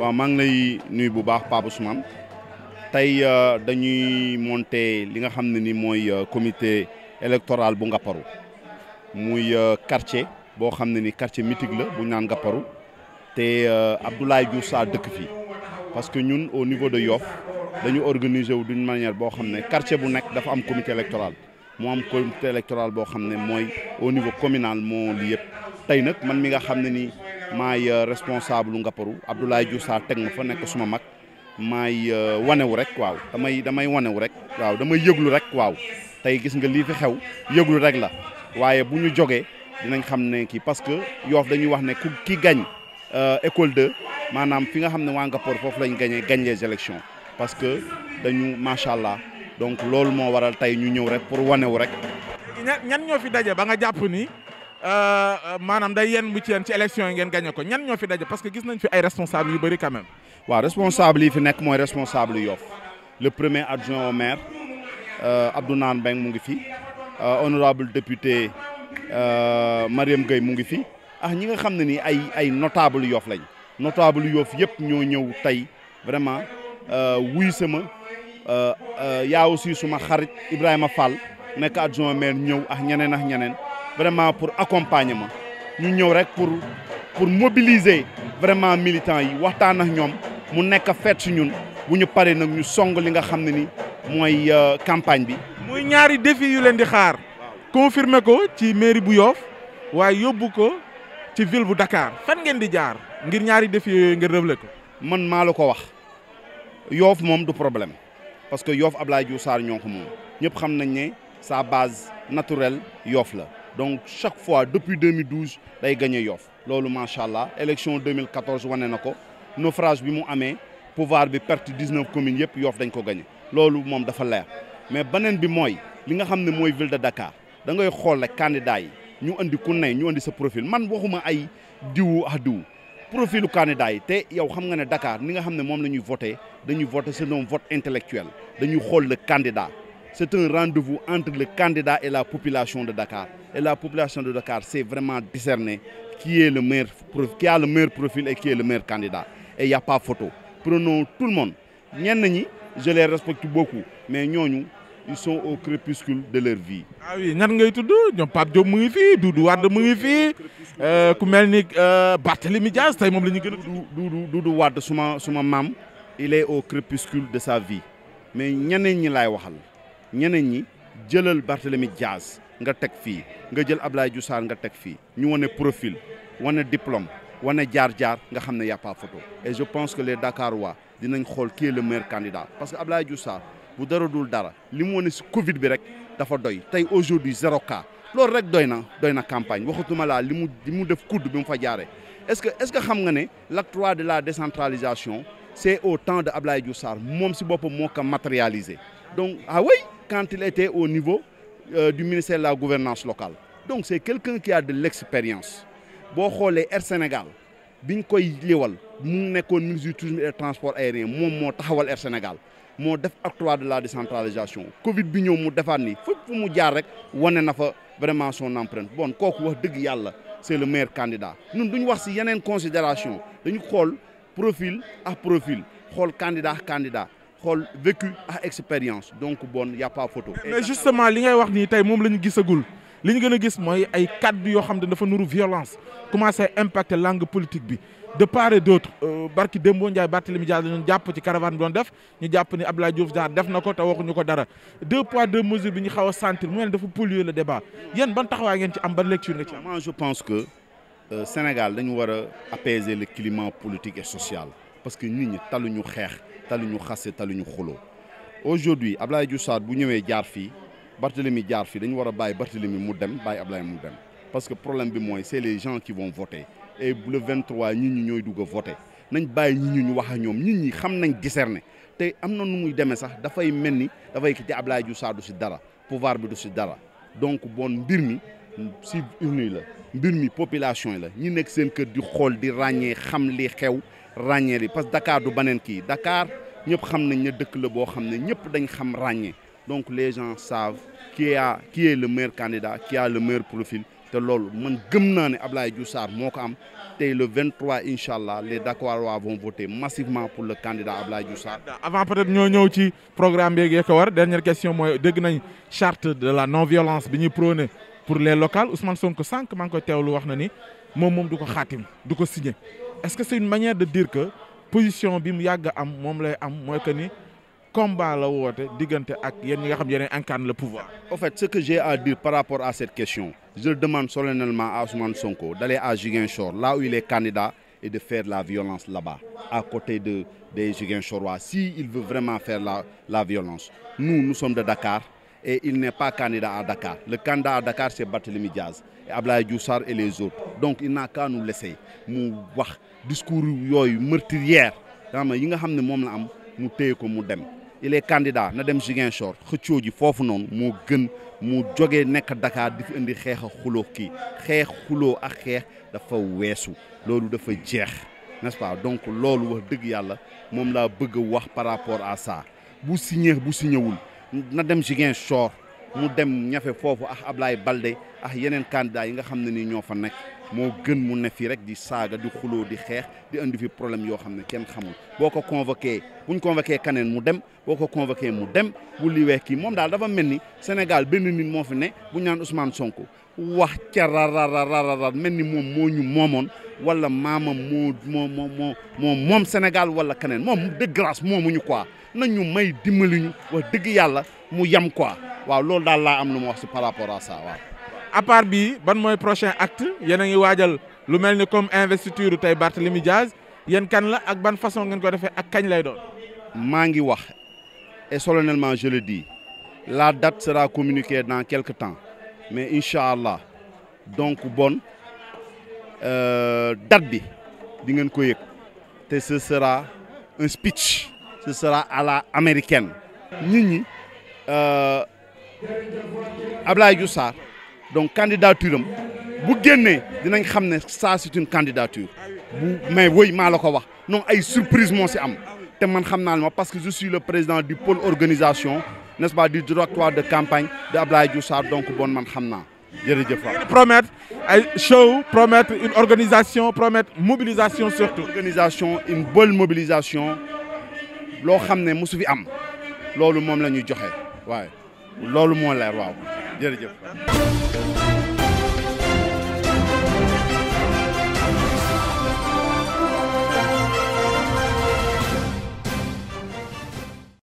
waaw maa ngi lay nuyu bu baax Pape Ousmane tey euh, dañuy monter li nga xam ne ni mooy euh, comité électoral bu nga Ngaparou muy euh, quartier boo xam ne ni quartier mythique la bu naan gaparu te Abdoulaye Diouf Sarr dëkk fii parce que ñun au niveau de Yoff dañu organiser wu ñu manière boo xam ne quartier bu nekk dafa am comité électoral moo am comité électoral boo xam ne mooy au niveau communal moo li yëpp tey nag man mi nga xam ne ni maay responsable nga Abdoulaye Diouf Sarr teg ma fa nekk suma mag maay euh, wanewu rek waaw damay damay wanewu rek waaw damay yëglu rek waaw tey gis nga lii fi xew yëglu rek la waaye bu ñu jogee dinañ xam ne kii parce que yoof dañuy wax ne ku ki gañ euh, école de maanaam fi nga xam ne waa Ngapoor foofu lañ gañee gañ les élections parce que dañu macha allah donc loolu moo waral tey ñu ñëw rek pour wanewu rek. ñan ñoo fi daje ba nga jàpp ni. Euh, euh, maanaam day yenn bu ci yéen ci élection yi ngeen gagné ko ñan ñoo fi daje parce que gis nañ fi ay responsable yu bëri quand waa waaw responsable yi fi nekk mooy responsable Yoff le premier adjoint au maire euh, Abdou Naan Beng mu ngi fi honorable député Mariam Gueye mu ngi fi ah ñi nga xam ne ni ay ay notable Yoff lañ notable Yoff yëpp ñoo ñëw tey vraiment wuy sama yaa aussi suma xarit Ibrahima Fall nekk adjoint au ñëw ah ñeneen ak ñeneen. vraiment pour accompagnement ñu ñëw rek pour pour mobiliser vraiment militants yi waxtaan ak ñoom mu nekk feet si ñun bu ñu paree nag ñu song li nga xam ne ni mooy euh, campagne bi. muy ñaari défi yu leen di xaar. confirmer ko ci mairie bu Yoff waaye yóbbu ko ci ville bu dakaar fan ngeen di jaar ngir ñaari défi yooyu ngeen rëble ko. man maa la ko wax Yoff moom du problème parce que Yoff Abdoulaye Diouf Sarr ñoo ko moom ñëpp xam nañ ne sa base naturelle Yoff la. donc chaque fois depuis 2012 day gagné yoof loolu macha allah élection 2014 wane na ko naufrage bi mu amee pouvoir bi perte 19 communes yëpp yoof dañu ko gagné loolu moom dafa leer mais beneen bi mooy li nga xam ne mooy ville de Dakar da ngay xool rek candidat yi ñu andi ku ne ñu andi sa profil man waxuma ay diwu ah diwu profilu candidat yi te yow xam nga ne dakaar ni nga xam ne moom la ñuy voté dañuy voté c'est un vote intellectuel dañuy xool le candidat c'est un rendez-vous entre le candidat et la population de Dakar. Et la population de Dakar c'est vraiment discerner qui est le meilleur qui a le meilleur profil et qui est le meilleur candidat. Et il photo. Prenons tout le monde. ñenn ñi je les respecte beaucoup mais ñooñu ils sont au crépuscule de leur vie. ah ñan ngay tudd ñom Pape Diop mu ngi fii Doudou Wade mu ngi euh, ku mel ni euh, Barthélémy Diaz tey moom la ñu gën a. Doudou Doudou Wade suma suma maam il est au crépuscule de sa vie mais ñeneen ñi laay waxal. ñeneen ñi jëlal Barthélemy Diaz nga teg fii nga jël Ablaye Diouf Sarr nga teg fii ñu wane profil wane diplôme wane jaar-jaar nga xam ne y a pas photo et je pense que les Dakarois dinañ xool qui le meilleur candidat parce que Ablaye Diouf Sarr bu dara dul dara li mu wane si Covid bi rek dafa doy tey aujourd'hui zéro cas loolu rek doy na doy na campagne waxatuma laa li mu li mu def kudd bi mu fa jaaree est-ce que est-ce que xam nga ne l'acte trois de la décentralisation c'est au temps de Ablaye Diouf moom si boppam moo ko matérialisé donc ah oui quand il au niveau euh, du ministère la gouvernance locale donc c'est quelqu'un qui a de l'expérience boo xoolee Air Sénégal biñ koy liwal mu nekkoon ministre transport aérien moom moo taxawal Air Sénégal moo def acte de la décentralisation Covid bi ñëw mu defaat ni fépp fu mu jaar rek wane na fa vraiment son empreinte bon kooku wax dëgg yàlla c'est le maire candidat ñun duñ wax si yeneen considération dañu xool profil ak profil xool candidat ak xool vécu ak expérience donc bon y' a pas photo. mais justement li ngay wax nii tey moom la ñu gisagul li ñu gën a gis mooy ay kaddu yoo xam ne dafa nuru violence commencé impacter langue politique bi de part et d' autre euh, barki Dembo Ndiaye Barthélémy Dias dañu jàpp ci caravane bi doon def ñu jàpp ni Abdoulaye Diouf Sarr def na ko te waxuñu ko dara deux poids deux mesures bi ñu xaw a sentir mu mel ne dafa polluer le débat yéen ban taxawaa ngeen ci am ban lecture nga ci am. moi que euh, Sénégal dañu war a apaiser le climat politique social. parce que nit ñi talu ñu xeex talu taluñu xase taluñu xuloo aujourd'hui Ablaye Diouf Sarr bu ñëwee jaar fii Barthélemy jaar fii dañu war a bàyyi Barthélemy mu dem bàyyi Ablaye mu dem parce que problème bi mooy c'est les gens qui vont voter et le 23 ñit ñi ñooy dugg a voter nañ bàyyi ñit ñi ñu wax ak ñoom ñit ñi xam nañ discerner te am na nu muy demee sax dafay mel ni dafay ki ci Ablaye Diouf Sarr si dara pouvoir bi du si dara donc bon mbir mi si urne la mbir mi population yi la ñi nekk seen kër di xool di ràññee xam li xew ràññeel yi parce que Dakar du beneen kii Dakar ñëpp xam nañ ne dëkk la boo xam ne ñëpp dañ xam ràññee donc les gens savent qui a qui est le meilleur candidat qui a le meilleur profil te loolu man gëm naa ab Ablaye Diouf Sarr moo ko am tey le 23 incha allah les Dakarois vont voter massivement pour le candidat Ablaye Diouf Sarr. avant peut-être ñoo ñëw ci programme beeg yeeg ko war dernière question mooy dégg nañ charte de la non violence bi ñu prôné pour les locales Ousmane Sonko sànq maa ngi koy wax na ni moom moom du ko xaatim du ko signé. est-ce que c'est une de dire que position bi mu yàgg am moom lay am mooy que ni combat la woote diggante ak yéen ñi nga xam yéen incarne le pouvoir. en ce que j'ai à dire par rapport à cette question je le demande solennellement à Ousmane Sonko d'aller à Ziguinchor là où il est candidat et de faire la violence là-bas à côté de des Ziguinchorois si il veut vraiment faire la la violence nous nous sommes de Dakar. et il n'est pas candidat à Dakar. Le candidat à Dakar, c'est Barthélemy Diaz, Ablaye Djoussar et les autres. Donc il n'a qu'à nous laisser. Nous voir yooyu yoy meurtrière. yi nga xam ne moom la am mu téye ko mu dem il est candidat na dem Ziguinchor xëccoo ji foofu noonu moo gën mu jógee nekk Dakar di fi indi xeex a xuloo kii xeex xuloo ak xeex dafa weesu loolu dafa jeex n'est-ce pas donc loolu wax dëgg yàlla moom laa bëgg wax par rapport à ça bu signé bu signéwul na dem Ziguinchor mu dem ñafe foofu ak Ablaye Balde ak yeneen candidat yi nga xam ne nii ñoo fa nekk moo gën mu ne fii rek di saaga di xuloo di xeex di indi fi problème yoo xam ne kenn xamul boo ko convoqué buñ convoqué kaneen mu dem boo ko convoqué mu dem bu liwee kii moom daal dafa mel ni Sénégal benn nit moo fi ne bu ñaan Ousmane Sonko wax ca mel ni moom moo ñu moomoon wala maamam moo moo moo moo moom moom Sénégal wala kaneen moom de grâce moomuñu quoi nañ may dimbali ñu wax dëgg yàlla mu yam quoi waaw loolu daal laa am lu mu wax si par rapport à ça waaw. à part bii ban mooy prochain acte yéen a ngi waajal lu mel ni comme investiture tey Barthélemy Diaz yéen kan la ak ban façon ngeen koy defee ak kañ lay doon. maa ngi wax et solennellement je le dis la date sera communiquée dans quelque temps mais incha allah donc bon dat euh, date bi di ngeen ko yëg te ce sera un speech ce sera à la américaine nit ñi. Euh, Ablaye Diouf donc candidature am bu génnee dinañ xam ne saa c'est une candidature bu mais woy maa la ko wax non ay surprise moo si am te man xam naa ne ma parce que je suis le président du pôle organisation n'est-ce pas du directoire de campagne de Ablaye Diouf donc bon man xam naa jërëjëf waaw. promettre ay show promettre une organisation promettre mobilisation surtout. organisation une bonne mobilisation loo xam ne mosu fi am loolu moom la ñuy joxe waaye. loolu moo leer waaw jërëjëf